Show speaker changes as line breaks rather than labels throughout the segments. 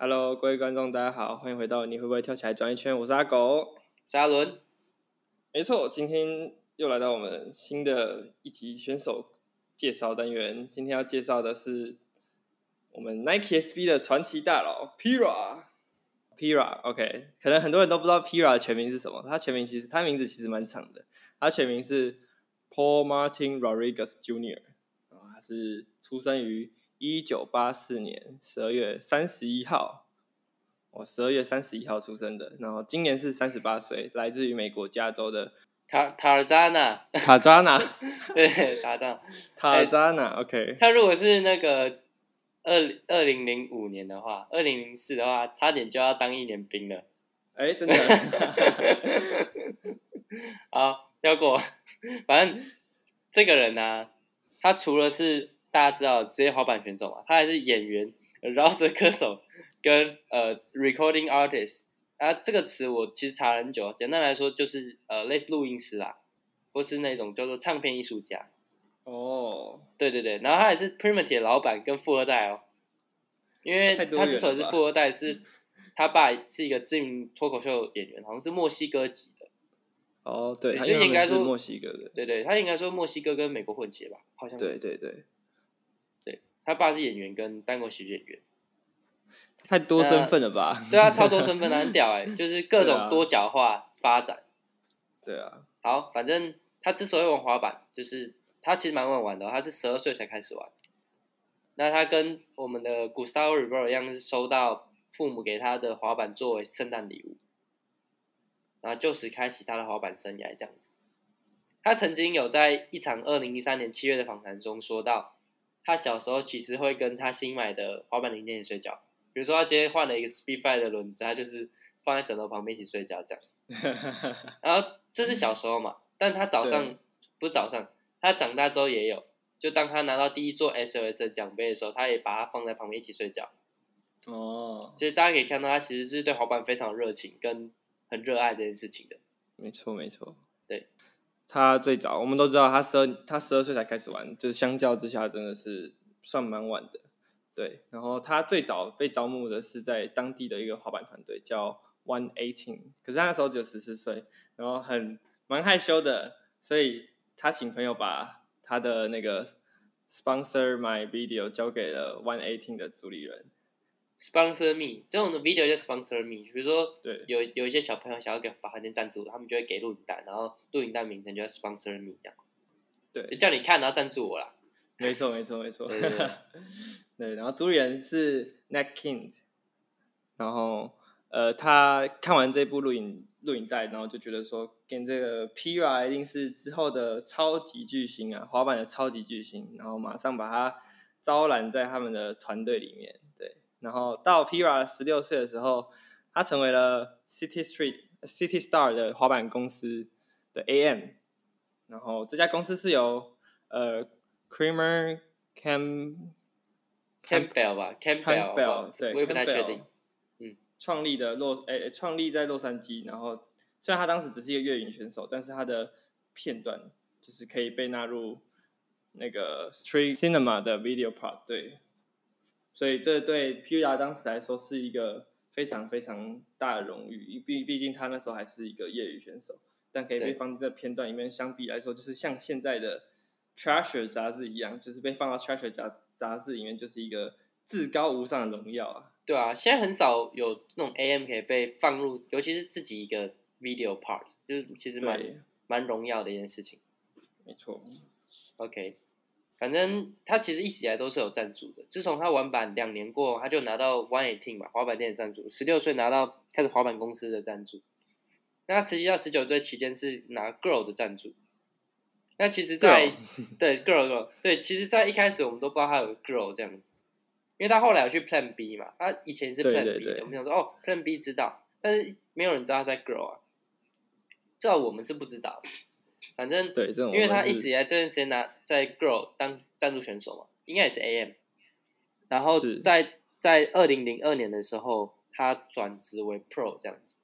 Hello，各位觀眾，大家好，歡迎回到你會不會跳起來轉一圈？我是阿狗，是阿倫。沒錯，今天又來到我們新的一集選手介紹單元。今天要介紹的是我們 Nike SB 的傳奇大佬 Pira。Pira, OK，可能很多人都不知道 Pira 的全名是什麼，他全名其實他名字其實蠻長的，他全名是 Paul Martin Rodriguez Jr.，啊，他是出生於一九八四年十二月三十一號，我十二月三十一號出生的，然後今年是三十八歲，來自於美國加州的塔塔扎納，
塔扎納，塔 對塔扎。塔扎納、欸、，OK。他如果是那個二二零零五年的話，二零零四的話，差點就要當一年兵了。哎、欸，真的 好，要過，反正這個人呢、啊，他除了是。大家知道職業滑板選手嘛？他還是演員，然後是歌手，跟呃 recording artist 啊這個詞我其實查了很久。簡單來說就是呃類似錄音師啦，或是那種叫做唱片藝術家。哦，oh. 對對對，然後他也是 primitive 老闆跟富二代哦，因為他之所以是富二代是，是他爸是一個知名脫口秀演員， 好像是墨西哥籍的。哦，oh, 對，就應該說墨西哥的。對對，他應該說墨西哥跟美國混血吧？好像是。對對對。他爸是演員，跟當過喜劇演員，
太多身份了吧？對啊，超多身份、
啊，很屌哎、欸，就是各種多角化、啊、發展。對啊。好，反正他之所以玩滑板，就是他其實蠻晚玩的、哦，他是十二歲才開始玩。那他跟我們的 Gustavo Ribeiro 一樣，是收到父母給他的滑板作為聖誕禮物，然後就此開啟他的滑板生涯。這樣子。他曾經有在一場二零一三年七月的訪談中說到。他小時候其實會跟他新買的滑板零件睡覺，比如說他今天換了一個 Speedfire 的輪子，他就是放在枕頭旁邊一起睡覺這樣。 然後這是小時候嘛，但他早上對不是早上，他長大之後也有，就當他拿到第一座 SLS 的獎杯的時候，他也把它放在旁邊一起睡覺。哦，其實大家可以看到，他其實是對滑板非常熱情，跟很熱愛這件事情的。
沒錯，沒錯。他最早，我們都知道他十二，他十二歲才開始玩，就是相較之下真的是算蠻晚的，對。然後他最早被招募的是在當地的一個滑板團隊叫 One Eighteen，可是他那時候只有十四歲，然後很蠻害羞的，所以他請朋友把他的那個 sponsor my video 交
給了 One Eighteen 的主理人。Sponsor me 這種的 video 就 sponsor me，比如說對，有有一些小朋友想要給把房間贊助，他們就會給錄影帶，然後錄影帶名稱就要 sponsor me 這樣，對，叫你看然後贊助我啦。
沒錯沒錯沒錯。 對對對，對。然後主演是 Nick King，然後呃他看完這部錄影錄影帶，然後就覺得說跟這個 P-Rod 一定是之後的超級巨星啊，滑板的超級巨星，然後馬上把他招攬在他們的團隊裡面，對。然後到 Pira 十六歲的時候，他成為了 City Street City Star 的滑板公司的 AM。然後這家公司是由呃 Creamer Campbell
Campbell 對，我不太確定。嗯，
創立的洛誒創立在洛杉磯。然後雖然他當時只是一個業餘選手，但是他的片段就是可以被納入那個 Street Cinema 的 Video Part 對。所以這對 Prod 當時來說是一個非常非常大的榮譽，畢畢竟他那時候還是一個業餘選手，但可以被放在這個片段裡面，對相比來說就是像現在的《Thrasher》雜誌一樣，就是被放到《Thrasher》雜雜誌裡面，
就是一個至高無上的榮耀啊！對啊，現在很少有那種 AM 可以被放入，尤其是自己一個 Video Part，就是其實蠻對蠻榮耀的一件事情。沒錯，OK。反正他其實一直以來都是有贊助的。自從他玩板兩年過後，他就拿到 One Eighteen 嘛滑板店的贊助。十六歲拿到開始滑板公司的贊助。那他十七到十九歲期間是拿 Girl 的贊助。那其實在，在對、哦、對 Girl，Girl Girl，對，其實，在一開始我們都不知道他有 Girl 這樣子，因為他後來有去 Plan B 嘛。他以前是 Plan B，對對對，我們想說，哦 Plan B 知道，但是沒有人知道他在 Girl 啊。這我們是不知道的。反正，對因為他一直以來在這段時間拿在 Girl 當贊助選手嘛，應該也是 AM。然後在是在二零零二年的時候，他轉職為 Pro 這樣子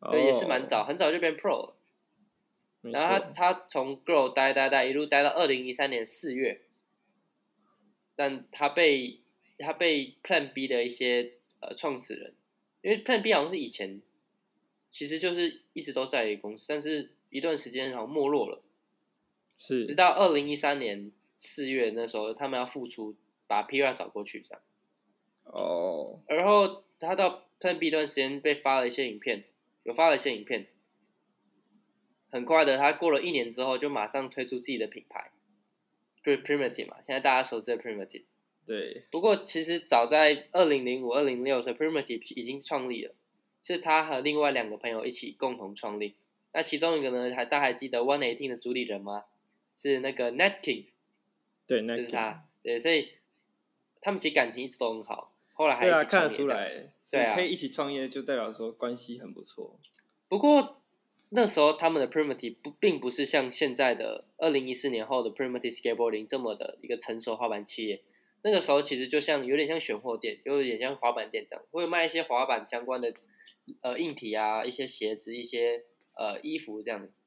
，oh, 對，也是蠻早，很早就變 Pro 了。錯然後他他從 Girl 待待待，一路待到二零一三年四月，但他被他被 Plan B 的一些呃創始人，因為 Plan B 好像是以前，其實就是一直都在一個公司，但是。一段時間然後沒落了，是直到二零一三年四月那時候，他們要復出，把 P-Rod 找過去這樣。哦、oh.。而後他到 Plan B 一段時間，被發了一些影片，有發了一些影片。很快的，他過了一年之後，就馬上推出自己的品牌，就是 Primitive 嘛。現在大家熟知的 Primitive。對。不過其實早在二零零五、二零零六的時候，Primitive 已經創立了，是他和另外兩個朋友一起共同創立。那其中一個呢？還大家還記得 One Eighteen 的主理人嗎？是那個 Net King，對，就是他。對，所以他們其實感情一直都很好。後來還一起創業這樣，對啊，看得出來，對啊，可以一起創業，就代表說關係很不錯。啊、不過那時候他們的 Primitive 不並不是像現在的二零一四年後的 Primitive Skateboarding 這麼的一個成熟滑板企業。那個時候其實就像有點像選貨店，有點像滑板店這樣，會賣一些滑板相關的呃硬體啊，一些鞋子，一些。呃，衣服這樣子，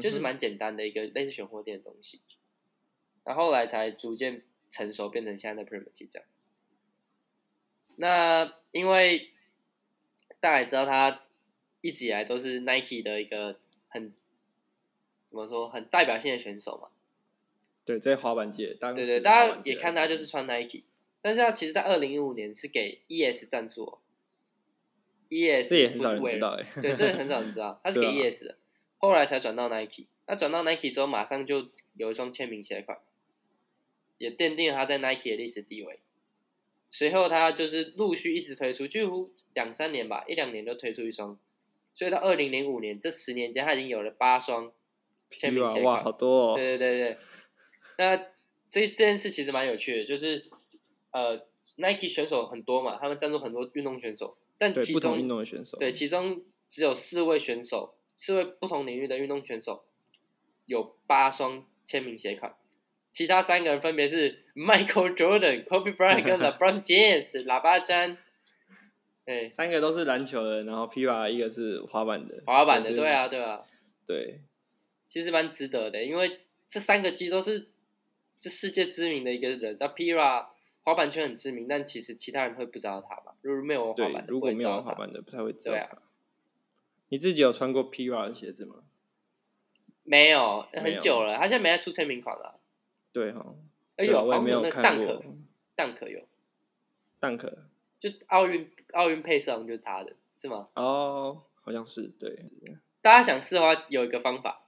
就是蠻簡單的一個類似選貨店的東西，嗯、哼然後來才逐漸成熟，變成現在的 Primitive 這樣。那因為大家也知道他一直以來都是 Nike 的一個很怎麼說，很代表性的選手嘛，對，在滑板界，當板界對對，大家也看他就是穿 Nike，、嗯、但是他其實，在二零一五年是給 ES 贊助。E.S. 這也很少人知道誒，對，這是 很少人知道，他是給 E.S. 的，啊、後來才轉到 Nike。那轉到 Nike 之後，馬上就有一雙簽名鞋款，也奠定了他在 Nike 的歷史地位。隨後他就是陸續一直推出，幾乎兩三年吧，一兩年就推出一雙。所以到二零零五年這十年間，他已經有了八雙簽名鞋款。1，哇，好多哦！對對對對。那這這件事其實蠻有趣的，就是呃，Nike 選手很多嘛，他們贊助很多運動選手。但其中對不同運
動的選手，對，
其中只有四位選手，四位不同領域的運動選手，有八雙簽名鞋款，其他三個人分別是 Michael Jordan、 Kobe Bryant 跟 LeBron James、 喇叭詹，哎，三個都是籃球的，然後
Pira 一個是滑板的，滑板的，對，所以，對啊，對啊，對，
其實蠻值得的，因為這三個其實都是，就世界知名的一個人，那 Pira。滑板圈很知名，但其實其他人會不知道他吧？
如果沒有滑板，如果沒有滑板的，不太會知道他。啊、你自己有穿過 P-Rod 的鞋子嗎？
沒有，很久了，有他現在沒在出簽名款了、
啊。對哈吼，
哎呦，我也沒有看過。Dunk，Dunk 有，Dunk< 可>就奧運奧運配色，好像就是他的，是嗎？哦
，oh, 好像是對。
大家想試的話，有一個方法。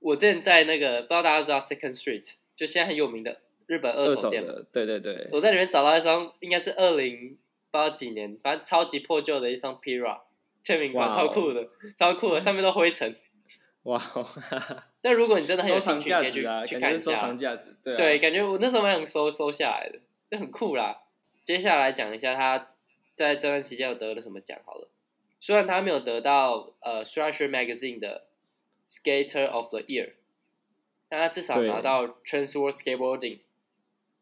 我之前在那個不知道大家知道 Second Street，就現在很有名的。日本二手店了，對對對，我在裡面找到一雙，應該是二零八幾年，反正超級破舊的一雙 P-Rod 簽名款，超酷的，Wow 超酷的，上面都灰塵。哇 Wow， 但如果你真的很有興趣，啊、你可以去是去看一下、啊。對，感覺我那時候蠻想收收下來的，就很酷啦。嗯、接下來講一下他在這段期間又得了什麼獎好了。雖然他沒有得到呃《Thrasher Magazine》的 Skater of the Year，但他至少拿到 Trans《Transworld Skateboarding》。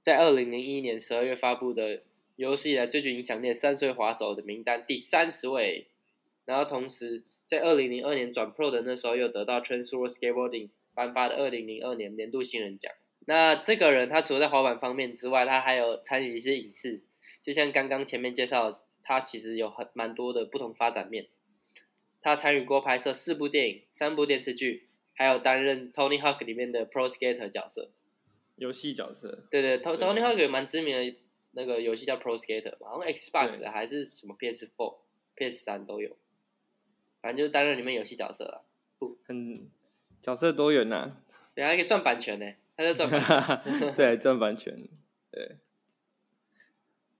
在二零零一年十二月發布的有史以來最具影響力三歲滑手的名單第三十位，然後同時在二零零二年轉 pro 的那時候又得到 Transworld Skateboarding 頒發的二零零二年年度新人獎。那這個人他除了在滑板方面之外，他還有參與一些影視，就像剛剛前面介紹，他其實有很蠻多的不同發展面。他參與過拍攝四部電影、三部電視劇，還有擔任《Tony Hawk》裡面的 Pro Skater 角色。遊戲角色對對，Tony Hawk 好像有蠻知名的那個遊戲叫 Pro Skater 好像 Xbox 的，啊、對還是什麼 PS4、PS3 都有，反正就是擔任裡面遊戲角色啊。很角色多元吶，啊，然後還可以賺版權呢、欸，他
在賺。 對，賺版權。對。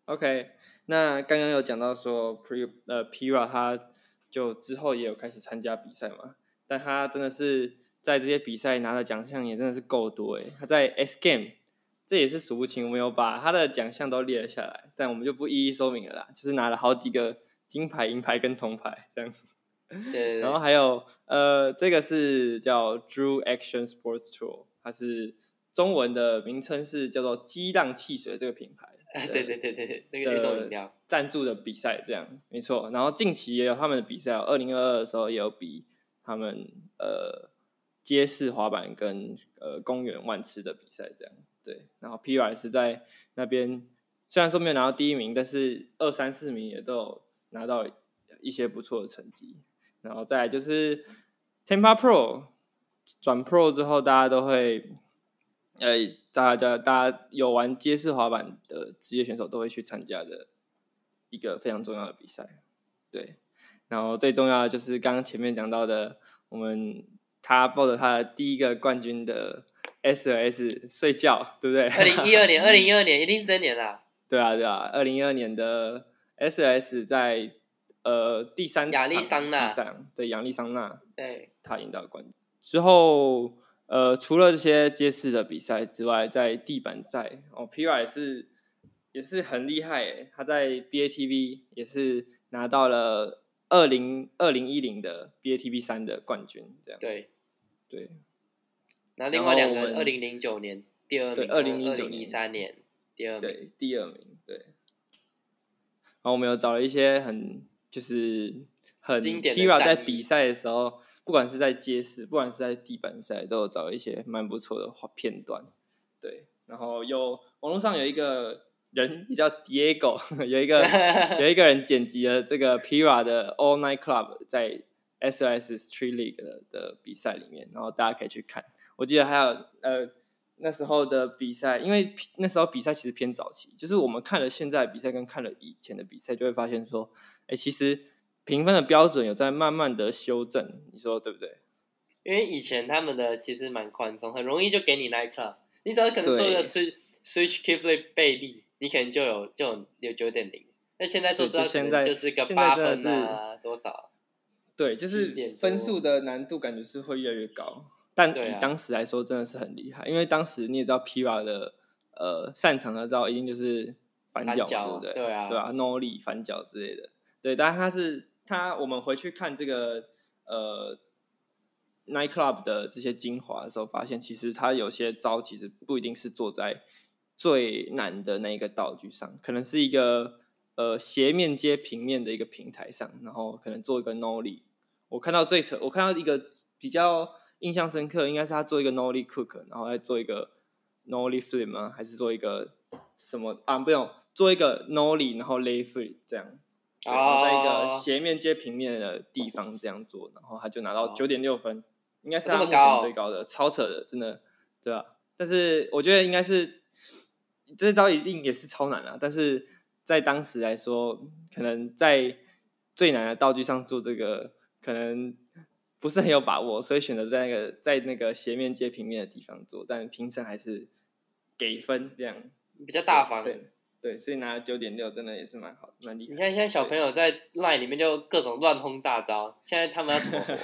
OK，那剛剛有講到說 Pre 呃 Pira 他就之後也有開始參加比賽嘛，但他真的是。在這些比賽拿的獎項也真的是夠多哎、欸！他在 X Game，這也是數不清沒，我們有把他的獎項都列了下來，但我們就不一一說明了啦。就是拿了好幾個金牌、銀牌跟銅牌這樣子。
對，對，對，然後還
有呃，這個是叫 Drew Action Sports Tour，它是中文的名稱是叫做激浪汽水這個品牌。對對對對對。那個運動飲料贊助的比賽這樣，沒錯。然後近期也有他們的比賽，二零二二的時候也有比他們呃。街式滑板跟呃公園碗池的比賽，這樣，對。然後 P-Rod 是在那邊，雖然說沒有拿到第一名，但是二三四名也都有拿到一些不錯的成績。然後再來就是 Tampa Pro 轉 Pro 之後，大家都會，哎、呃，大家大家有玩街式滑板的職業選手都會去參加的一個非常重要的比賽，對。然後最重要的就是剛剛前面講到的我們。他抱着他的第一個冠軍的 SLS 睡覺，對不對？二零一二年，二零一
二年一定是那年啦。
對啊，對啊，二零一二年的 SLS 在呃第三場，對亞利桑那，對，對他贏得冠軍之後，呃，除了這些街式的比賽之外，在地板賽哦，P-Rod 也是也是很厲害，他在 B A T V 也是拿到了二零二零一零的 B A T V 三的冠軍，這樣對。對，那另外兩個，二零零九年第二名，二零一三年第二名，對，第二名，對。然後我們有找了一些很，就是很，P-Rod 在比賽的時候，不管是在街式，不管是在地板賽，都有找一些蠻不錯的畫片段。對，然後有網絡上有一個人，叫 Diego，有一個 有一個人剪輯了這個 P-Rod 的 All Night Club 在。SOS Street League 的的比賽裡面，然後大家可以去看。我記得還有呃那時候的比賽，因為那時候比賽其實偏早期，就是我們看了現在比賽跟看了以前的比賽，就會發現說，哎，其實評分的標準有在慢慢的修正。
你說對不對？因為以前他們的其實蠻寬鬆，很容易就給你 Nike 你只要可能做個 Switch kickflip 背立，你可能就有就有九點零。那現在做這現在就是個八分啊，多
少？對，就是分數的難度感覺是會越來越高，
但以當
時來說真的是很厲害，因為當時你也知道 P-Rod 的呃擅長的招一定就是反腳，反腳對不對？對啊，對啊，nollie 反腳之類的，對。但是他是他，我們回去看這個呃 Night Club 的這些精華的時候，發現其實他有些招其實不一定是做在最難的那一個道具上，可能是一個呃斜面接平面的一個平台上，然後可能做一個 nollie。我看到最扯，我看到一個比較印象深刻，應該是他做一個 nollie cook，然後再做一個 nollie flip 嗎？還是做一個什麼啊？不用做一個 nollie，然後 lay free 這樣。Oh. 然後在一個斜面接平面的地方這樣做，然後他就拿到九點六分
，oh. 應該是他目前最
高的，超扯的，真的，對吧？但是我覺得應該是這招一定也是超難了、啊，但是在當時來說，可能在最難的道具上做這個。可能不是很有把握，所以選擇在那個在那個斜面接平面的地方做，但評審還是給分這樣，比較大方對。對，所以拿了九點六，真的也是蠻好蠻厲害的。你看現在小朋友在 line 裡面就各種亂
轟大招，對現在他們要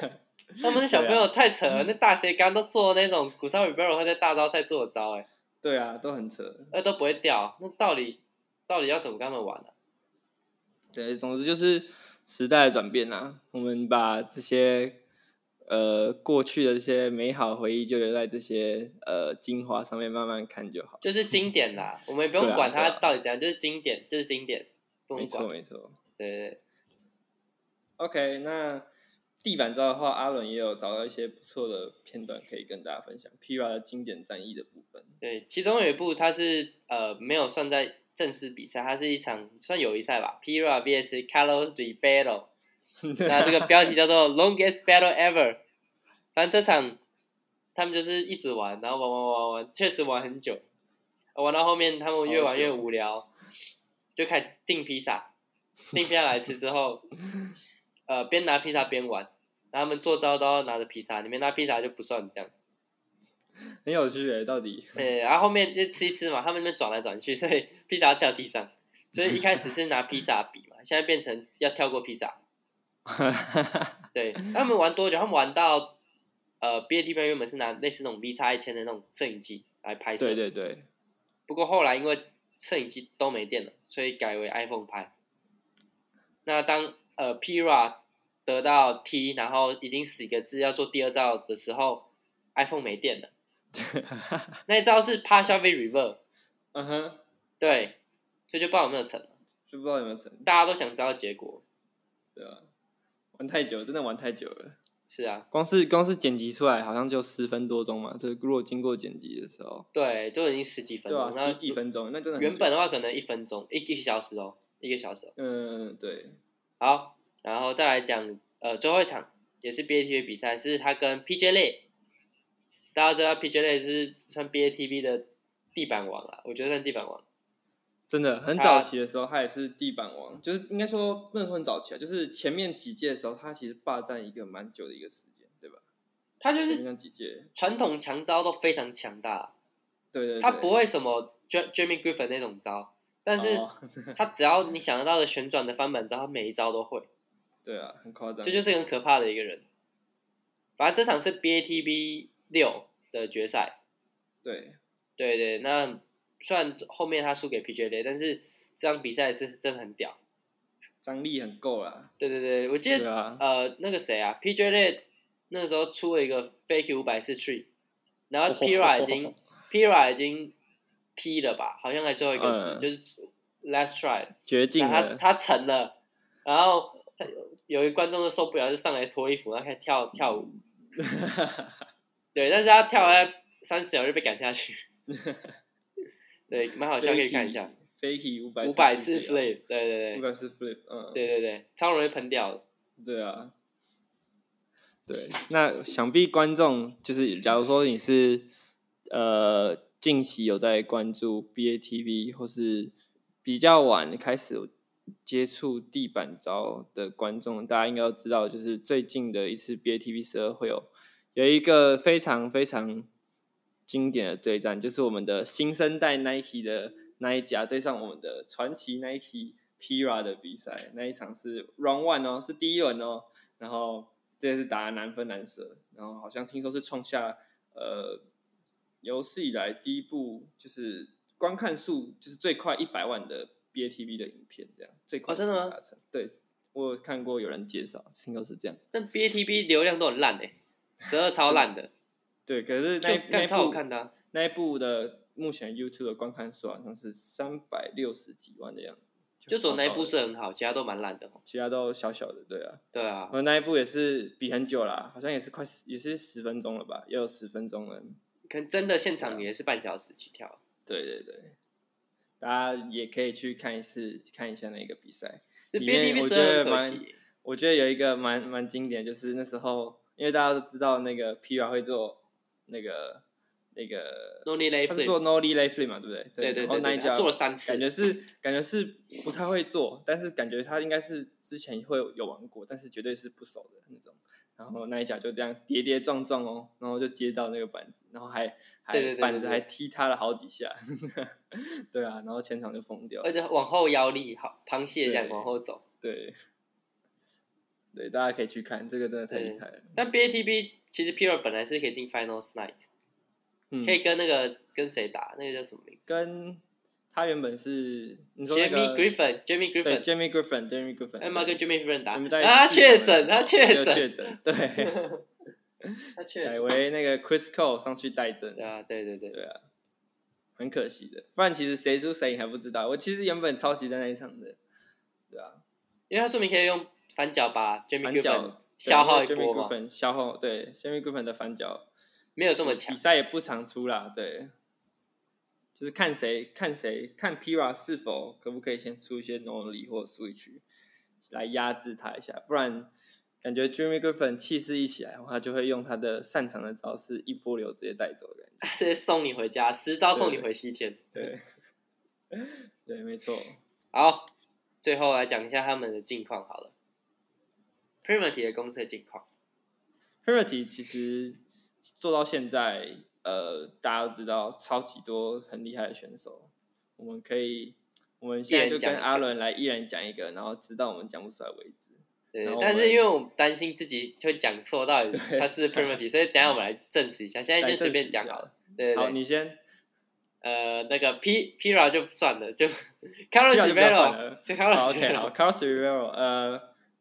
他們的小朋友太扯了， 啊、那大斜桿都做那種古桑比伯羅會在大招賽做的招哎、欸。
對啊，都很扯。那
都不會掉，那到底到底要怎麼跟他們玩、啊、對，總
之就是。時代轉變吶、啊，我們把這些，呃，過去的這些美好回憶就留在這些呃精華上面慢慢看就好。就是經典啦，嗯、我
們也不用管它到底怎樣，對啊對啊，就是經典，就是經典，不用管，沒錯沒錯。對對，對 OK，
那地板照的話，阿倫也有找到一些不錯的片段可以跟大家分享，Prod 的經典戰役的部分。
對，其中有一部它是呃沒有算在。正式比賽，它是一場算友誼賽吧，Pira vs Carlos Rebelo battle 那這個標題叫做 Longest Battle Ever。反正這場他們就是一直玩，然後玩玩玩玩，玩，確實玩很久。玩到後面他們越玩越無聊，Oh, dear. 就開始訂披薩，訂披薩來吃之後， 呃，邊拿披薩邊玩。然後他們做招都要拿着披薩，你沒拿披薩就不算這樣。很有趣哎、欸，到底。哎，然、啊、後後面就吃一吃嘛，他們那邊轉來轉去，所以披薩要掉地上。所以一開始是拿披薩比嘛， 現在變成要跳過披薩。 對。他們玩多久？他們玩到呃，B A T 篇原本是拿類似那種 VX1000 的那種攝影機來拍攝。對對對。不過後來因為攝影機都沒電了，所以改為 iPhone 拍。那當呃 P-Rod 得到 T，然後已經四個字要做第二招的時候，iPhone 沒電了。 那一招是怕消費 reverse 嗯哼、uh，huh. 對，所以就不知道有沒有成，就不知道有沒有成，大家都想知道結果，對吧、啊？
玩太久，真的玩太久了。是啊，光是光是剪輯出來好像就十分多鐘嘛，就如果經過剪輯的時候，
對，都已經十幾分，鐘、啊、就十幾分鐘，那真的，原本的話可能一分鐘，一一小時哦，一個小時、哦。嗯，對。好，然後再來講，呃，最後一場也是 BATB 的比賽，是他跟 PJ Ladd。大家知道 P.J. 雷是算 B.A.T.B 的地板王啊，我覺得算地板王，
真的很早期的時候，他也是地板王，啊、就是應該說不能說很早期啊，就是前面幾屆的
時候，他其實霸佔一個蠻久的一個時間，對吧？他就是傳統強招都非常強大，嗯，對對、對，他不會什麼 j a m m y Griffin 那種招，但是他只要你想得到的旋轉的翻板招，他每一招都會，對啊，很
誇張，這就、就是很
可怕的一個人。反正這場是 B.A.T.B。六的決賽，對，對，對對，那雖然後面他輸給 PJ 雷，但是這場比賽是真的很屌，張力很夠了，對對對，我記得、啊、呃，那個誰啊，PJ 雷那個時候出了一個 fake 五百四 three 然後 Pira 已經、oh, oh, oh, oh. Pira 已經踢了吧，好像還最後一個字、oh, yeah. 就是 last try 絕境，他他成了，然後有有一觀眾都受不了，就上來脫衣服，然後他開始跳跳舞。 對，但是他跳完三十秒就被趕下去。 對，蠻好笑，Fakie, 可以看一下。飛起五百四十 flip，對對對。五百四十 flip 嗯。對對
對，超容易噴掉。對啊。對，那想必觀眾就是，假如說你是呃近期有在關注 B A T V，或是比較晚開始接觸地板招的觀眾，大家應該都知道，就是最近的一次 B A T V 十二會有。有一個非常非常經典的對戰，就是我們的新生代 Nike 的 Nyjah 對上我們的傳奇 Nike P-Rod 的比賽，那一場是 Round One 哦，是第一輪哦。然後這也是打得難分難捨，然後好像聽說是創下呃有史以來第一部就是觀看數就是最快一百萬的 BATB 的影片，這樣最快的、哦、真的嗎？對我有看過有人介紹，
聽說是這樣。但 BATB 流量都很爛誒、欸。十二超爛的， 對，可是那那部看
的、啊、那，一部，那一部的目前 YouTube 的觀看數好像是三百六十幾萬的樣
子，就只那一部是
很好，其他都蠻爛的哦。其他都小小的，對啊，對啊。我那一部也是比很久啦，好像也是快也是十分鐘了吧，也有十分鐘了。可能真的現場也是半小時起跳。 對對對，大家也可以去看一次，看一下那個比賽。裡面我覺得蠻，我覺得有一個蠻蠻經典，就是那時候。因為大家都知道那個 P.R. 會做那個那個
，Nollie Late Flip，他是做 Nollie Late Flip 嘛，對不對？對對對，那一腳做了三次。感覺是
感覺是不太會做，但是感覺他應該是之前會有玩過，但是絕對是不熟的那種。然後那一腳就這樣跌跌撞撞哦，然後就接到那個板子，然後還板子還踢他了好幾下呵呵。對啊，然後全場就瘋掉。而且
往後腰力好，螃蟹一樣往後走。對。對
對，大家可以去看，這個真的太厲害了。
但 B A T B 其實 P-Rod 本來是可以進 Finals Night，可以跟那個跟誰打？那個叫什麼名字？跟他原本是你說
那個 Jamie Griffin，Jamie Griffin，對
，Jamie Griffin，Jamie Griffin。哎，他跟 Jamie Griffin 打，他確診，他確診，確診，對。他確診。改為
那個 Chris Cole 上去代陣。啊，對對對對啊！很可惜的，不然其實誰輸誰還不知道。我其實原本抄襲的那一場的，對
啊，因為他說明可以用。翻腳吧，Jimmy Griffin 消耗一波嗎？Jimmy Griffin 消耗，對，Jimmy Griffin 的翻腳沒有這麼強，比賽
也不常出啦，對，就是看誰看誰看 Pira 是否可不可以先出一些 nollie 或 switch 來壓制他一下，不然感覺 Jimmy Griffin 氣勢一起來的話，他就會用他的擅長的招式一波流直接帶
走，感覺 直接送你回家，十招送你回西天，對，對，對，對，沒錯，好，最後來講一下他們的近況好了。Primitive 的公司的近況。Primitive 其實做到現在，
呃，大家都知道超級多很厲害的選手。我們可以，我們現在就跟阿倫來一人講一個，然後直到我們講不出來為止。對。但是因為我
擔心自己會講錯，到底他是 Primitive，所以等下我們來證實一下。現在先隨便講好了。好，你先。呃，那個 P Pira 就算了，就 Carlos Ribeiro，就 Carlos Ribeiro。OK，
好 Carlos Ribeiro，呃。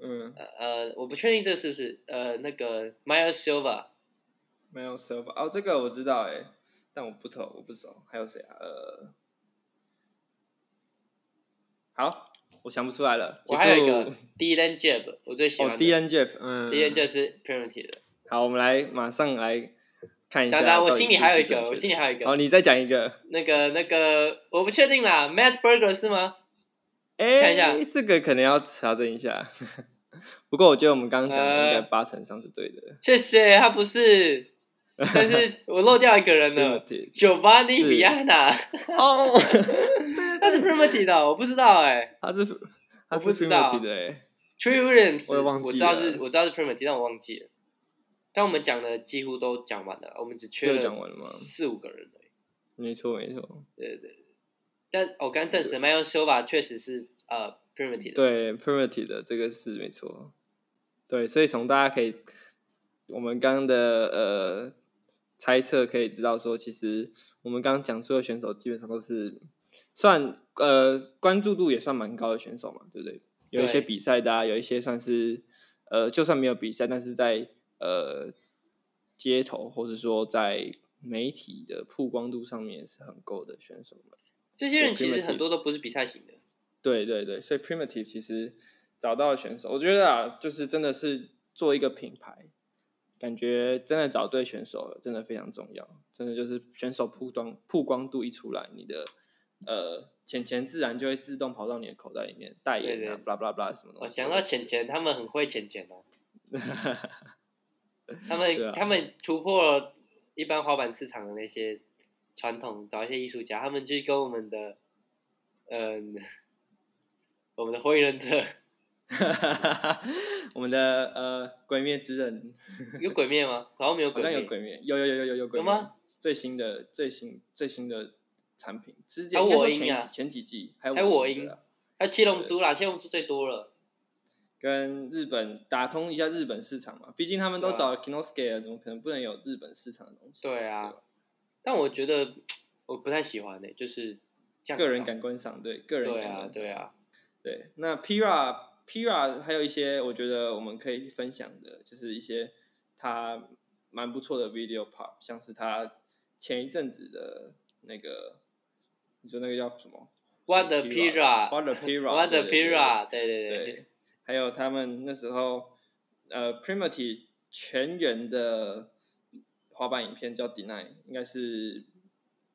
嗯呃，我不確定這個是不是呃那個 Miles Silva，Miles Silva，哦，這個我知道哎、欸，但我不透，我不知道還有誰啊？呃，好，我想不出來了。我還有
一個 d n j e 我最喜歡。Oh, d n j e 嗯，d n j e 是 Primitive，好，我們來馬上來看一下當然、啊。是是
我心裡還有一個，我心裡還有一個。哦，你再講一個。
那個那個，我不確定啦，Matt Berger 是嗎？哎，這
個可能要查證一下。不過我覺得我們剛剛講的應該八成上是對的。
謝謝，他不是，但是我漏掉一個人了。Giovanni Viana。哦，他是是 Primitive 的？我不知道哎。他是他不知道的。Tre Williams，我也忘記了。我知道是，我知道是 Primitive 但我忘記了。但我們講的幾乎都講完了，我們只缺了，就講完了嗎？四五個人。沒錯，沒錯。對對。但我、哦、剛證實 Miles Silva 確實
是呃對、uh, Primitive 的。對，Primitive 的這個是沒錯。對，所以從大家可以我們剛剛的呃猜測可以知道說，說其實我們剛剛講出的選手基本上都是算呃關注度也算蠻高的選手嘛，對不對？對，有一些比賽的，啊，有一些算是呃就算沒有比賽，但是在呃街頭或者說在媒體的曝光度上面也是很夠的選手們。
這些人其實很多
都不是比賽型的。Primitive，對對對，所以 primitive 其實找到了選手，我覺得啊，就是真的是做一個品牌，感覺真的找對選手了，真的非常重要。真的就是選手曝光、曝光度一出來，你的呃錢錢自然就會自動跑到你的口袋裡面，代言
啊，blah blah blah 什麼東西。我想到錢錢，他們很會錢錢，啊、 他們，啊、他們突破了一般滑板市場的那些。傳統找一些藝術家，他們去跟我們的，嗯，我們的火影忍者， 我們的呃鬼滅之刃，有鬼滅嗎？
好像沒有鬼滅，有有有有有有有嗎？最新的最新最新的產品，之、啊、前幾前幾季還有還有火影，還有、啊、七龍珠啦，是七龍珠最多了，跟日本打通一下日本市場嘛，畢竟他們都找了 Kinosuke，、啊、怎麼可能不能有日本市場的東西？對啊。對啊。但我覺得我不太喜歡的、欸，就是個人感觀上對個人感對啊對啊對。那 Pira Pira 還有一些我覺得我們可以分享的，就是一些他蠻不錯的 video part，像是他前一陣子的那個，你說那個叫什麼
？What the Pira What the Pira What the Pira 對對對，對，對。
還有他們那時候呃 Primitive 全員的。花瓣影片叫《d e n y 應該是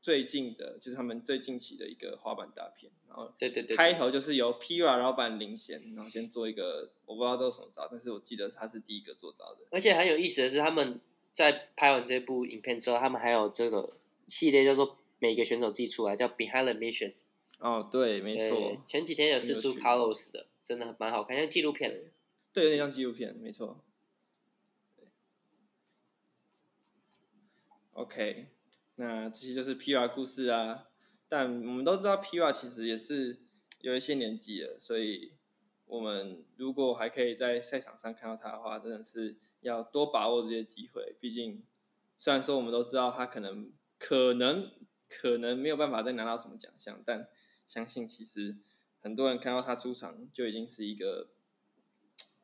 最近的，就是他們最近期的一個滑板大片。然後，對對對，開頭就是由 Pira 老板領先，然後先做一個，我不知道都什麼招，但是我記得他是第一個做招
的。而且很有意思的是，他們在拍完這部影片之後，他們還有這個系列叫做每個選手寄出來叫 Be《Behind the Missions》。哦，對，沒錯。前幾天有試出 Carlos 的，真的蠻好看，像紀錄片。
對，有點像紀錄片，沒錯。OK，那這些就是 PR 故事啊。但我們都知道 PR 其實也是有一些年紀了，所以我們如果還可以在賽場上看到他的話，真的是要多把握這些機會。畢竟，雖然說我們都知道他可能可能可能沒有辦法再拿到什麼獎項，但相信其實很多人看到他出場就已經是一個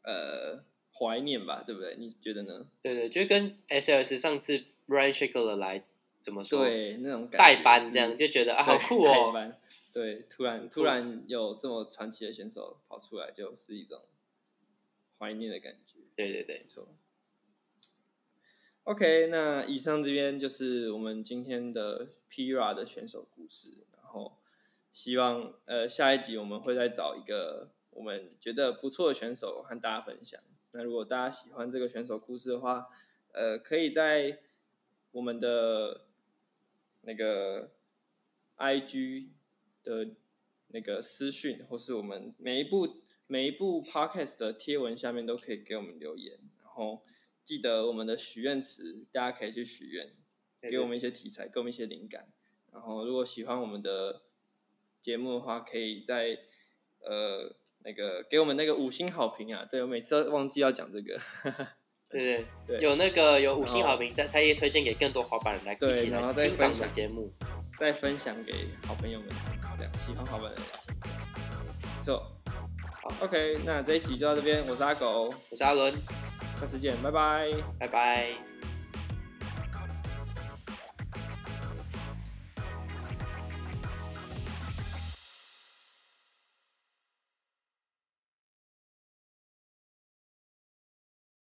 呃懷念吧，對不對？你覺得呢？對，
對對，就是跟 SLS 上次。Ryan Sheckler 來怎麼說？對，那種代班這樣就覺得啊，對好酷哦！
對，突然酷突然有這麼傳奇的選手跑出來，就是一種懷念的感覺。對對對，沒錯。OK，那以上這邊就是我們今天的 P-Rod 的選手故事。然後希望呃下一集我們會再找一個我們覺得不錯的選手和大家分享。那如果大家喜歡這個選手故事的話，呃，可以在。我們的那個 IG 的那個私訊，或是我們每一部每一部 Podcast 的貼文下面都可以給我們留言。然後記得我們的許願池，大家可以去許願，給我們一些題材，給我們一些靈感。然後如果喜歡我們的節目的話，可以在呃那個給我們那個五星好評啊！對，我每次都忘記要講這個。呵呵對
對，對，對，有那個有五星好評，他他也推薦給更多滑板人來一起對，然後再分享節目，再分享給好朋友們，這樣喜歡滑板的人，沒錯。
好，OK，那這一集就到這邊，我是阿狗，我是阿倫，下次見，拜拜，拜
拜。